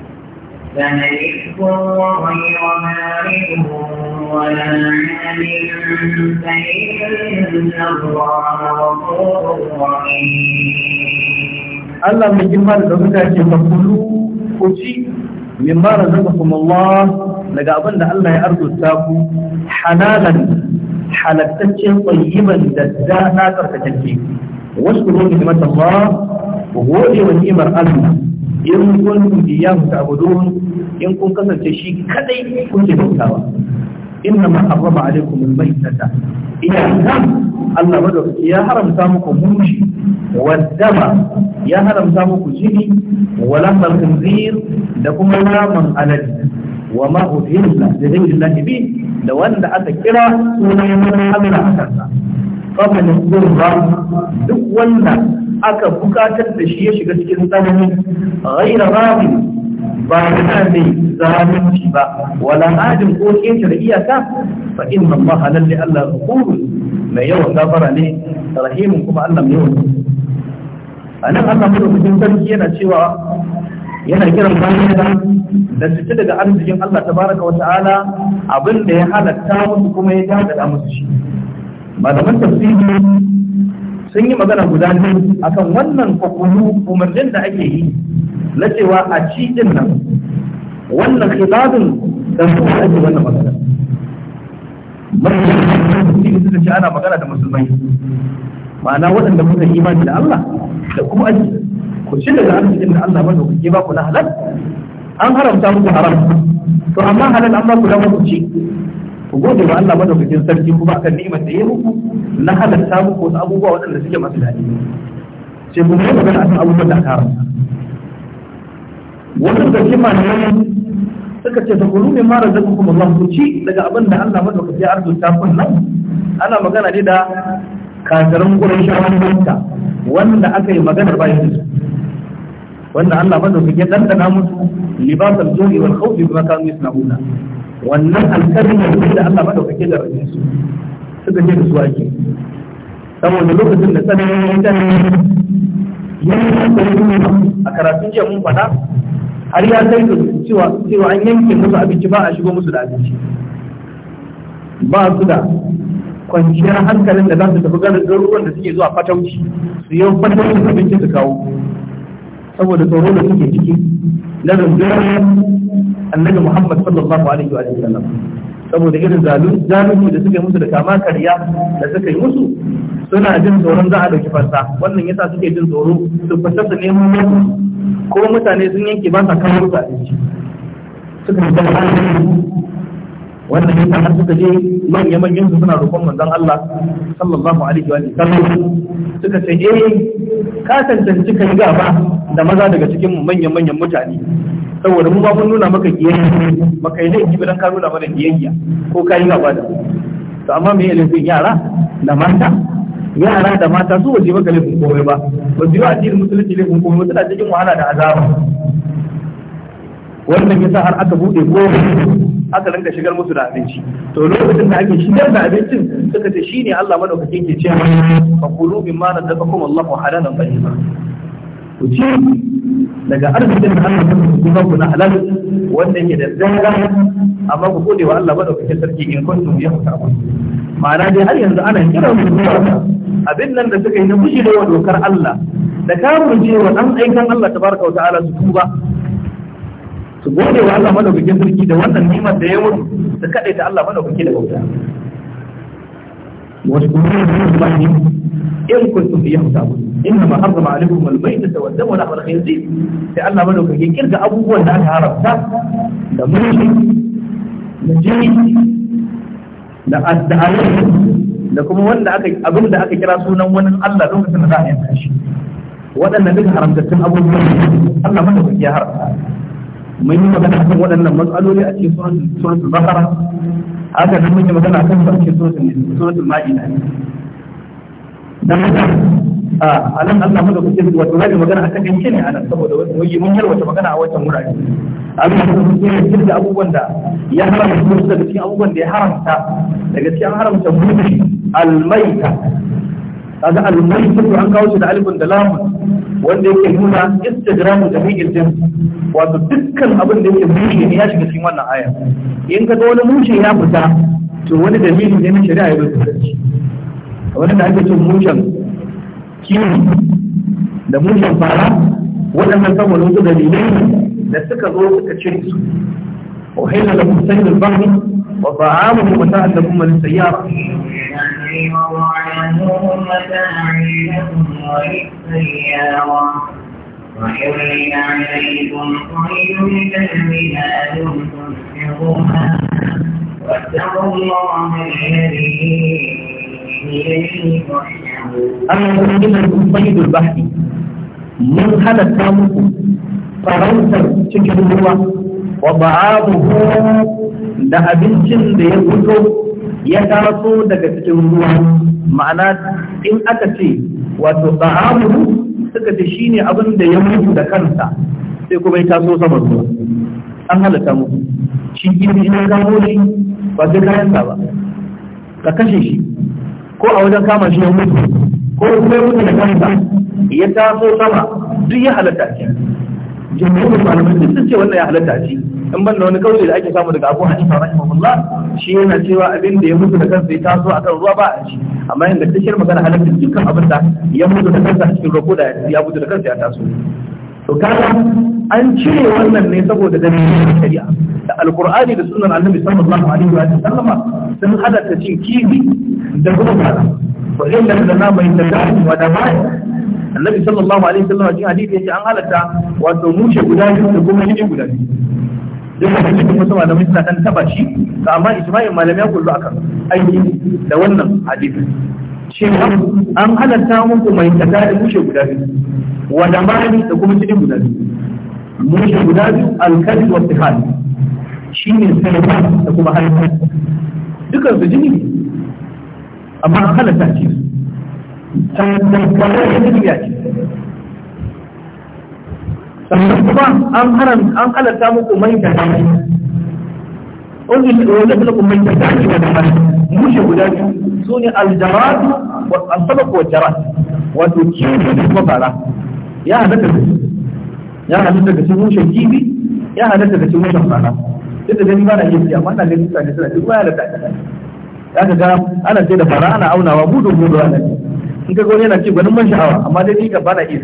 فملك وغير مالك ولا عالم فإن الله غفور رحيم الله من جمال دوكا ce fakulu ku ci min ba razaqakum Allah daga abin da Allah ya arzuta ku halalan halattaccen tayyiban da da na karkatacce wasu ne ni'mat Allah gode wa ni'mar Allah in kun iyahu ta'budun in kun kasance shi kadai kuke bautawa inna ma harrama alaikum al-maytata iya nan Allah madaukaki ya haramta muku mushi wa waddama ya haramta muku jini wala khinzir da kuma naman alad wa ma uhilla da ghayrillahi bi da wanda aka kira sunan Allah akan sa fa man duk wanda aka bukatar da shi ya shiga cikin tsanani ghaira rabi ba yana mai zalunci ba wala adin ko ƙetare iyaka fa inna Allah lalle Allah ghafurun mai yawan gafara ne rahimun kuma Allah mai yawan a nan Allah madaukakin sarki yana cewa yana kiran bayan da su daga arzikin Allah tabaraka wa ta'ala abin da ya halatta musu kuma ya dada musu shi malaman tafsiri sun yi magana guda biyu akan wannan kwakwalu umarnin da ake yi na cewa a ci din nan wannan khilafin da su ake wannan magana musulmi suka ce ana magana da musulmai ma'ana waɗanda kuka imani da Allah da kuma aji ku ci daga arzikin da Allah ba ke ba ku na halal an haramta muku haram to amma halal an ba ku dama ku ci ku gode wa Allah madaukakin sarki kuma akan ni'imar da ya muku na halatta muku wasu abubuwa waɗanda suke masu daɗi sai kuma yi magana akan abubuwan da aka rasa wannan da kima ne suka ce ta kulu ne mara zaka kuma Allah ku ci daga abin da Allah madaukakin arzuta kun nan ana magana ne da kasarin gurin shawan danta wanda aka yi maganar bayan su wanda Allah madaukakin dandana musu libasar jori wal khawfi bima kanu yasnauna wannan alƙarin ne da Allah madaukake da rabin su suka je da su ake saboda lokacin da tsananin ya tsanani yankin tsanani a karatun jiya mun faɗa har ya kai da cewa cewa an yanke musu abinci ba a shigo musu da abinci ba su da kwanciyar hankalin da za su tafi ganin ruwan da suke zuwa fatauci su yi fatauci abinci su kawo saboda tsoro da suke ciki na rundunar annabi Muhammad sallallahu alaihi wa sallam saboda irin zalunci da suka yi musu da kama karya da suka yi musu suna jin tsoron za a dauki fasa wannan yasa suke jin tsoro su fasa su neman wasu ko mutane sun yanke ba sa kawo a abinci suka yi wannan yin har suka je manya manyan su suna roƙon manzon Allah sallallahu alaihi wa sallam suka ce eh ka tantance kai gaba da maza daga cikin manyan manyan mutane saboda mu ba mun nuna maka kiyayya maka yi laifi bidan ka nuna mana kiyayya ko ka yi gaba da to amma me laifin yara da mata yara da mata su waje maka laifin komai ba ba su yi addinin musulunci laifin komai ba suna cikin wahala da azaba wannan yasa har aka bude komai aka rinka shigar musu da abinci to lokacin da ake shigar da abincin suka ce shine Allah madaukake ke cewa fa kulu mimma razaqakum Allahu halalan tayyiba ku ci daga arzikin da Allah ku ba ku na halal wanda yake da zanga amma ku gode wa Allah madaukakin sarki in kuntum yaqta'un ma'ana dai har yanzu ana kiran mu abin nan da suka yi na fushi da dokar Allah da kamun cewa dan aikan Allah tabaraka wa ta'ala su tuba su gode wa Allah madaukakin sarki da wannan nimar da ya mutu su kaɗai ta Allah madaukaki da bauta wasu kuma yin zuwa ne in kuntum iya sabu inna ma harrama alaikum albayta wa dama la harqa yazid sai Allah madaukakin kirga abubuwan da aka haramta da mulki da jini da addu'ai da kuma wanda aka abin da aka kira sunan wani Allah lokacin da za a yanka shi waɗannan duka haramtattun abubuwan Allah madaukakin ya haramta mun yi magana akan waɗannan matsaloli a cikin suratul bakara haka nan mun magana akan su a cikin suratul ma'ida dan haka a nan Allah mu da kuke wato zai magana akan yanke ne anan saboda wani mun yi wata magana a wancan wurare abin da kuma sai cikin da abubuwan da ya haramta su daga cikin abubuwan da ya haramta daga cikin haramta mutum almaita kaga al-mayyitu an kawo shi da alifin da lamu wanda yake nuna istigramu jami'il jins wato dukkan abin da yake mushi ne ya shiga cikin wannan aya in ka wani mushe ya fita to wani dalili ne na shari'a ya rubuta shi wani da ake cin mushen kiwo da mushen fara waɗannan saboda wasu dalilai da suka zo suka ce su وحل لكم سيد البحر وطعامه متاعا لكم وللسيارة وحرم عليكم قيد الكلب لا دمتم حرما واتقوا الله الذي إليه تحشرون أنا أسلمكم صيد طيب البحر من هذا التامكم فرنسا تجد الله wa ba'abuhu da abincin da ya fito ya taso daga cikin ruwa ma'ana in aka ce wato ba'amu suka ce shine abin da ya mutu da kansa sai kuma ya taso sama ruwa an halatta mutu shi gini ina kamo shi ba kayan sa ba ka kashe shi ko a wajen kama shi ya mutu ko kuma ya mutu da kansa ya taso sama duk ya halatta jami'in malamai duk sun ce wannan ya halatta shi in ban da wani kauye da ake samu daga Abu Hanifa rahimahullah shi yana cewa abin da ya mutu da kansa ya taso akan ruwa ba a ci amma yanda tashar magana halatta dukkan abin da ya mutu da kansa a cikin ruwa da ya mutu da kansa ya taso to kaga an cire wannan ne saboda dalilin shari'a da Alkur'ani da sunan annabi sallallahu alaihi wa sallam sun halatta cin kifi da kuma fara to inda da nama yin da wa da mai annabi sallallahu alaihi wa sallam cikin hadisi yace an halatta wato mushe guda biyu da kuma hiji guda biyu duk da cikin wasu malamai suna dan taba shi amma ijma'in malamai ya kullu akan aiki da wannan hadisi shin an halatta muku mai tsaka da mushe guda biyu wa da mali da kuma cikin guda biyu mushe guda biyu alkali wa tihal shi ne sarfa da kuma halitta dukan su jini amma an halatta ce tantankwarar da jini ya ce sannan kuma an haram an halatta muku mai tsaka da mushe wanda ya tsaka da kuma mai tsaka da mushe mushe guda biyu su ne aljaratu al-sabaq wa jarad wato kiwo da kuma bara. ya halatta da ya halatta da mushe kifi ya halatta da mushe fara duk da gani ba na yin amma na ganin mutane suna duk waya da ta ya ka ga ana sai da fara ana aunawa gudun gudu ana in ka gani yana ce gwanin man sha'awa amma dai ni ka ba na iya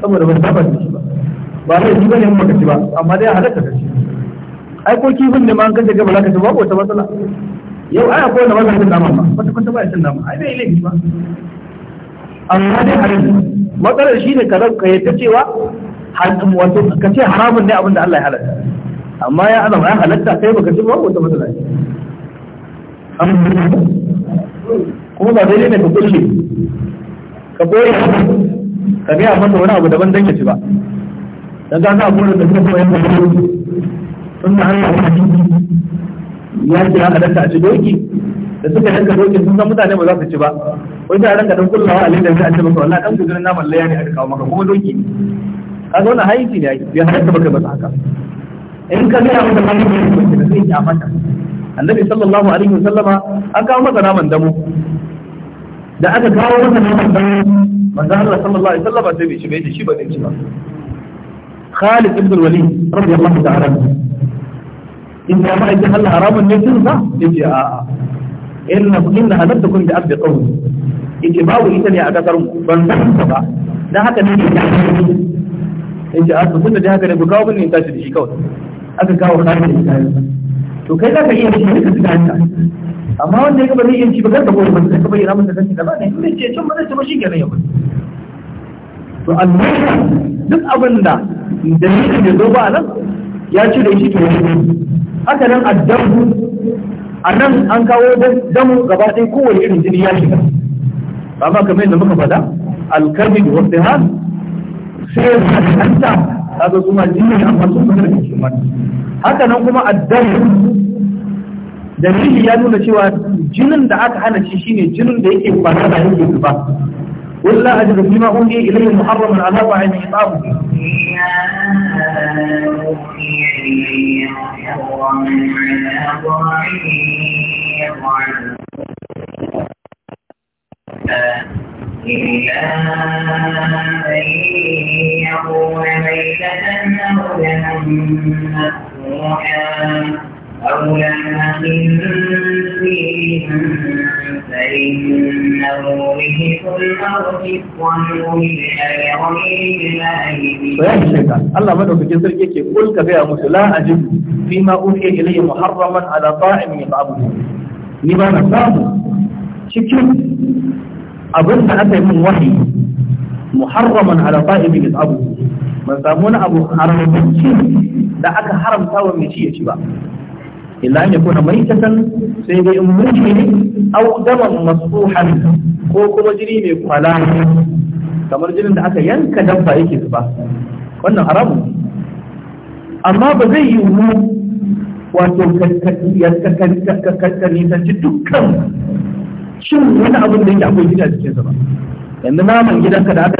saboda ban saba da shi ba ba zai ji bane maka ba amma dai ya halatta da shi ai ko kifin da ma an kashe gaba za ka ci babu wata matsala yau ai akwai da ba zai nama ba kwata kwata ba ya cin nama ai bai laifi ba amma dai halal matsalar shine ka zaka yadda cewa wato ka ce haramun ne abinda Allah ya halatta amma ya azama ya halatta kai baka ci ba wata matsala ce kuma ba daidai ne ka kulle ka boye ka gaya masa wani abu daban dan ya ci ba dan za ka abu da kuma yanda sun da hannu ya ce ya halatta a ci doki da suka yanka doki sun san mutane ba za su ci ba wai sai ranka dan kullawa a linda sai a ce maka wallahi dan gudurin naman laya ne a kawo maka kuma doki ne zo na haiti ne ya halatta baka ba haka in ka gaya masa kan mutum da zai ya mata annabi sallallahu alaihi sallama, an kawo masa naman damo da aka kawo masa naman damo manzo Allah sallallahu alaihi sallama sai bai ci bai shi ba dai ci ba Khalid ibn Walid radiyallahu ta'ala in ma aiki Allah haramun ne cin sa yace a'a inna inna halatta kun da abdi qawmi yace babu ita ne a kasar mu ban san ta ba dan haka ne ya yace a kun da haka ne ku kawo mun tashi da shi kawai aka kawo kayan da kayan to kai zaka iya shi duka kayan ka amma wanda ya ba zai iya shi ba kar ka koyi ba sai ka bayyana masa kanki kaza ne in ce cin ba zai ci ba shi kenan ya bari to Allah duk abin da da shi da zo ba nan ya ci da shi to wani haka nan addamu a nan an kawo damu gaba ɗaya kowane irin jini ya shiga ma kamar yadda muka faɗa alkalmi da wasu ha sai ya hanta kaga kuma jini a masu fitar da shi haka nan kuma da dalili ya nuna cewa jinin da aka hana shi shine jinin da yake da yake zuba ولا أجد فيما أمي إليه محرم على طعام يطعمه إلا أن يكون ميتة أو دما مسروحا أو لها من فيهن فإنه رجس أو رجس bayan shirka Allah madaukakin sarki yake kul ka gaya musu la ajibu fi ma uhiya ilayya muharraman ala ta'im yata'budu ni ba na samu cikin abin da aka yi min wahayi muharraman ala ta'im yata'budu ban samu wani abu haramtacce da aka haramta wa mai ci ya ci ba illa an yakuna maitatan sai dai in mulki ne aw daman masfuhan ko kuma jini mai kwala kamar jinin da aka yanka dabba yake zuba wannan haramun amma ba zai yi mu wato ka nisanci dukkan shin wani abin da akwai ba yanzu naman gidanka da aka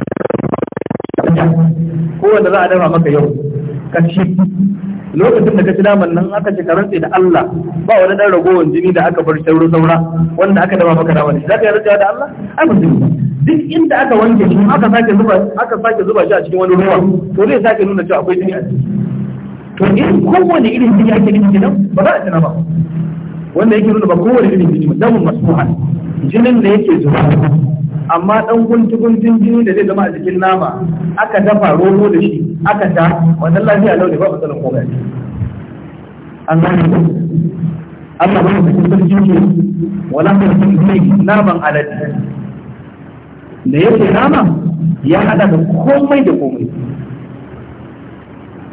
za a dafa maka yau ka ci lokacin da ka ci naman nan aka ce karantse da Allah ba wani dan ragowar jini da aka bar shauru saura wanda aka dama maka naman za ka yarda da Allah ai ba duk inda aka wanke shi aka sake zuba aka sake zuba shi a cikin wani ruwa to zai sake nuna cewa akwai jini a ciki to in kowane irin jini ake jini ba za a ci ba wanda yake nuna ba kowane irin jini damun masmuhan jinin da yake zuba amma dan gunti guntun jini da zai zama a jikin nama aka dafa romo da shi aka ta wanda lafiya lau ne ba matsalar komai an ba. Allah ba cikin sarki ke wala ta cikin mai naman alade da yake nama ya hada da komai da komai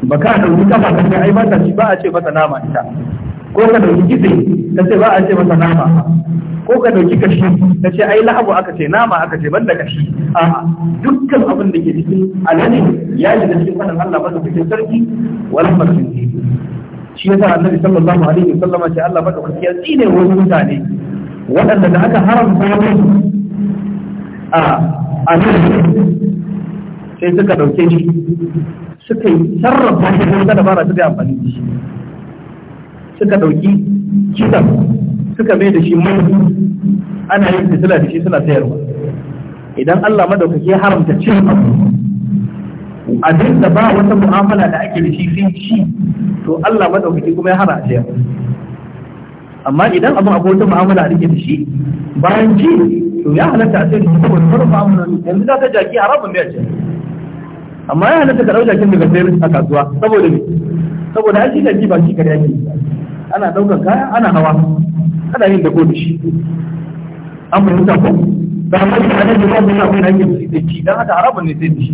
baka da wuta ba ka ai ba ta ci ba a ce ta nama ita ko ka dauki kitse ka ce ba a ce masa nama ko ka dauki kashi ka ce ai lahabu aka ce nama aka ce banda kashi a'a dukkan abin da ke cikin alani ya ji da cikin fadin Allah ba cikin sarki wala masinti shi yasa annabi sallallahu alaihi wasallama ce Allah ba da kuskiya tsine wasu mutane waɗanda da aka haramta musu a a sai suka dauke shi suka yi sarrafa shi da dabara su da amfani da shi suka ɗauki kisan suka mai da shi mulki ana yin fitila da shi suna sayarwa idan Allah madaukaki ya haramta cin abu abin da ba wata mu'amala da ake da shi sai ci to Allah madaukaki kuma ya hana a sayar amma idan abin abu wata mu'amala da ake da shi bayan ci to ya halatta a sayar da kuma farin mu'amala yanzu za ta jaki a haramun bai ce amma ya halatta ka ɗau jakin daga sayar a kasuwa saboda me saboda an shi jaki ba shi kare ake ana ɗaukar kaya ana hawa ana yin da da shi an fahimta ko da amma shi ana da kuma da abin da yake da shi dan haka haramun ne da sai shi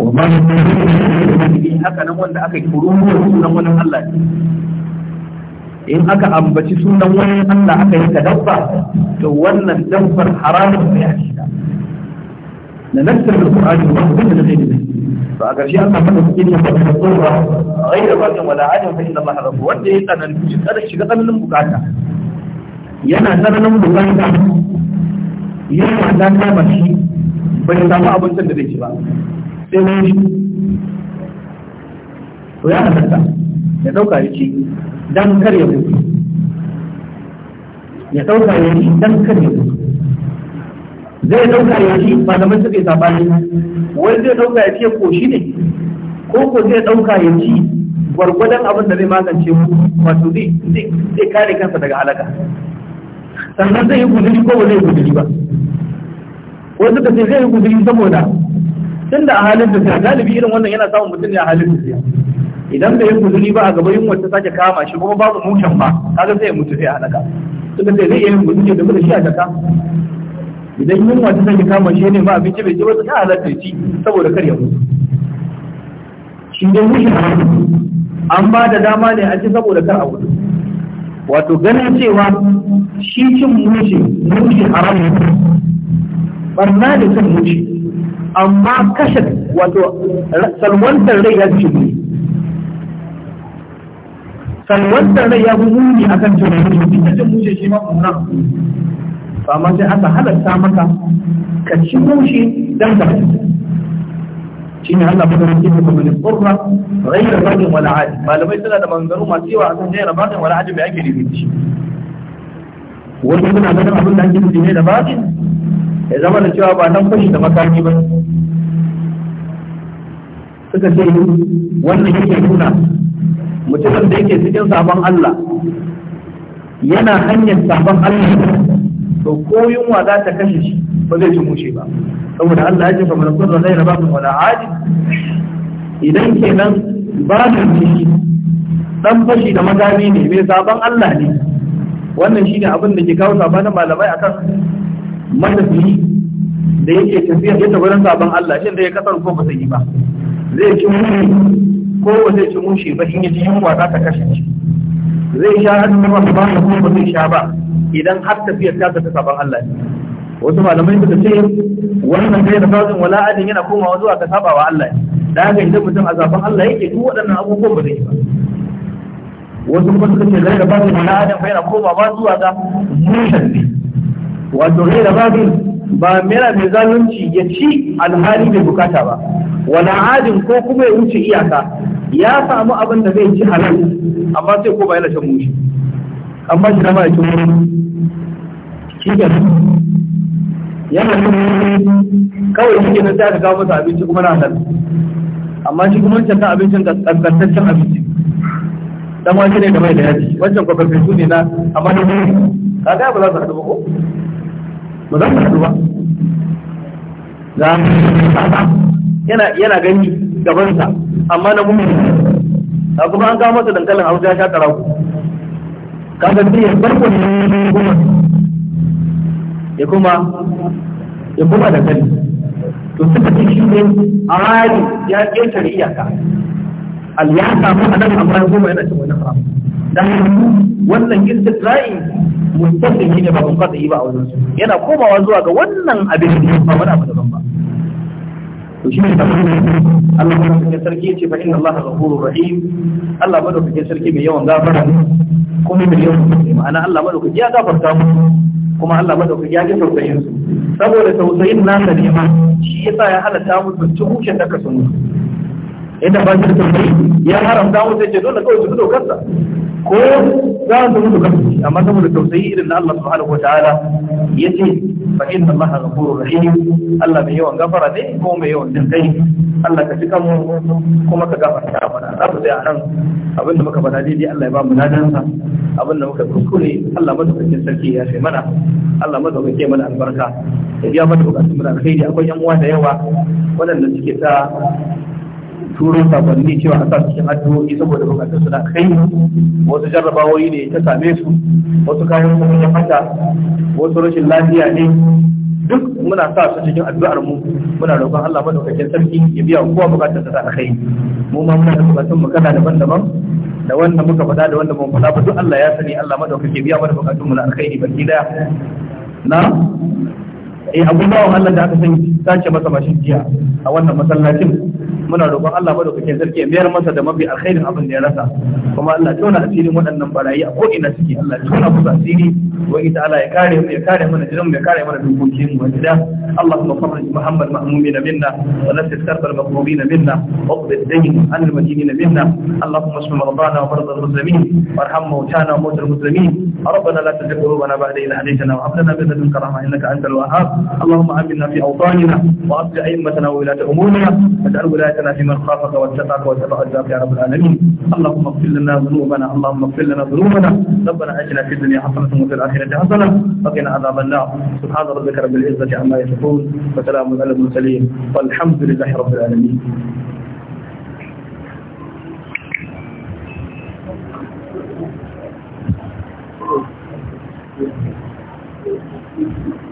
wa haka nan wanda aka yi kurun sunan wani Allah ne? in aka ambaci sunan wani Allah aka yi ka dabba to wannan dabbar haramun ne a shi da na nassar da Qur'ani ba da zai da ba. A كتير يفضل الضرورة غير باقي ولا عالم فإن Wanda ya وانت يتنا نفسك أدك shiga من المبقاتا yana tsananin bukata yana ta kama shi bai samu abincin da zai ci ba sai wani to ya halatta ya ɗauka ya ci don kar ya mutu ya ɗauka ya ci kar ya mutu zai dauka ya shi malamai suka yi ne wani zai dauka ya ce ko shi ne ko ko zai dauka ya ci gwargwadon abin da zai magance mu wato zai kare kansa daga halaka sannan zai yi guduri ko ba zai yi guduri ba wasu da ce zai yi guduri saboda tun da a halin tafiya galibi irin wannan yana samun mutum ne a halin tafiya idan bai yi guduri ba a gaba yin wata sake kama shi kuma babu mutum ba kaga sai ya mutu sai a halaka suka ce zai yi guduri da kuma shi a jaka idan yunwa ta sake kama shi ne ma abinci bai ci ba ta halatta ci saboda kar ya mutu shi dai mushi an ba da dama ne a ci saboda kar a mutu wato ganin cewa shi cin mushi mushi haram ne barna da cin mushi amma kashe wato salwantar rai ya ci mushi salwantar rai ya fi muni akan kan cin mushi shi ma kuma to amma sai aka halatta maka ka ci mushi dan ka shi ne Allah madarar ke mutum ne ƙurra rairar bagin wani adi malamai suna da manzaro masu yawa a kan rairar bagin wala adi mai ake nufi da shi wani suna ganin abin da ake nufi ne da bagin ya zama da cewa ba nan fashi da makami ba suka ce wannan yake nuna mutumin da yake cikin sabon Allah yana hanyar sabon Allah to ko yunwa za ta kashe shi ba zai ci mushe ba saboda Allah ya ce fa malakun da zai raba wala aji idan kenan ba da shi dan fashi da magami ne mai sabon Allah ne wannan shine abin da ke kawo sabanin malamai akan matafiyi da yake tafiya ya tafi sabon Allah shin da ya kasar ko ba zai yi ba zai ci mushe ko ba zai ci mushe ba in ya yunwa za ta kashe shi zai sha hannun masu ba kuma ba zai sha ba idan har tafiyar ta ta saban Allah ne wasu malamai suka ce wannan zai da fasin wala adin yana komawa zuwa ka saba wa Allah da haka idan mutum a zaben Allah yake duk waɗannan abubuwan ba zai yi ba wasu kuma suka ce zai da fasin wala adin fa yana komawa zuwa ga mushan ne wato zai da fasin ba mera mai zalunci ya ci alhali mai bukata ba wala adin ko kuma ya wuce iyaka ya samu abin da zai ci halal amma sai ko ba yana shan mushi amma shi dama ya ci wani shi da yana shan kawai shi ke nan sai aka kawo masa abinci kuma na nan amma shi kuma wancan abincin da tsarkantaccen abinci dan wani ne da mai da yaji wancan kwa farfesu ne na amma da ne ga ba za su haɗu ba ko ba za su haɗu ba Za ga yana yana gani gabansa amma na gumin a kuma an kawo masa dankalin hausa ya sha karaku kaga biya ya farko ne kuma ya kuma ya kuma dankali to suka ce shi ne a rari ya ƙetare iyaka al yasa samu a nan amma ya goma yana cin wani haram dan wannan istidra'i mustaqim ne ba mun fada yi ba a wajen su yana komawa zuwa ga wannan abin da ya fara da ba to shi ne Allah madaukakin sarki ya ce fa inna Allah ghafurur rahim Allah madaukakin sarki mai yawan gafara ne kuma mai yawan ma'ana Allah madaukaki ya gafarta mu kuma Allah madaukaki ya ji tausayin saboda tausayin nasa ne ma shi yasa ya halatta musu tukushin da ka sun musu inda ba shi da ya haramta mu sai ce dole kawai su fito kansa ko za su mutu kansu amma saboda tausayi irin na Allah subhanahu wataala yace fa inna Allah ghafurur rahim Allah mai yawan gafara ne ko mai yawan jin kai Allah ka cika mu kuma ka gafarta mana za mu tsaya nan abinda muka faɗa daidai Allah ya ba mu ladansa abinda muka kuskure Allah madaukakin sarki ya fi mana Allah madaukake mana albarka ya biya mana bukatun mu da alkhairi akwai yan uwa da yawa waɗanda suke sa. turo sakonni cewa a sa cikin addu'o'i saboda bukatun su na kai wasu jarrabawoyi ne ta same su wasu kayan kuma ya fata wasu rashin lafiya ne duk muna sa su cikin addu'ar mu muna roƙon Allah madaukakin sarki ya biya kowa bukatun sa ta kai mu ma muna da bukatun mu kana daban-daban da wanda muka faɗa da wanda mun faɗa ba duk Allah ya sani Allah madaukakin biya mana bukatun mu na alkhairi baki daya na eh abun bawan Allah da aka san sace masa mashin jiya a wannan masallacin muna roƙon Allah ba da kake sarki ya mayar masa da mafi alkhairin abin da ya rasa kuma Allah tona asirin waɗannan barayi a ko ina suke Allah tona musu asiri wa ita Allah ya kare mu ya kare mana jirin mu ya kare mana dukokin mu gida Allahumma farrij Muhammad ma'mumina minna wa nassir karbal maqrubina minna wa qdi dayn an al-madinina minna Allahumma ismi rabbana wa farad al-muslimin warham mawtana wa mawt al-muslimin ربنا لا تزغ قلوبنا بعد إذ هديتنا وهب لنا من لدنك رحمة إنك أنت الوهاب اللهم آمنا في أوطاننا وأصلح أئمتنا وولاة أمورنا واجعل ولايتنا في من خافك واتقاك واتبع أجزاك يا رب العالمين اللهم اغفر لنا ذنوبنا اللهم اغفر لنا ذنوبنا ربنا اجنا في الدنيا حسنة وفي الآخرة حسنة وقنا عذاب النار سبحان ربك رب العزة عما يصفون وسلام على المرسلين والحمد لله رب العالمين Thank you.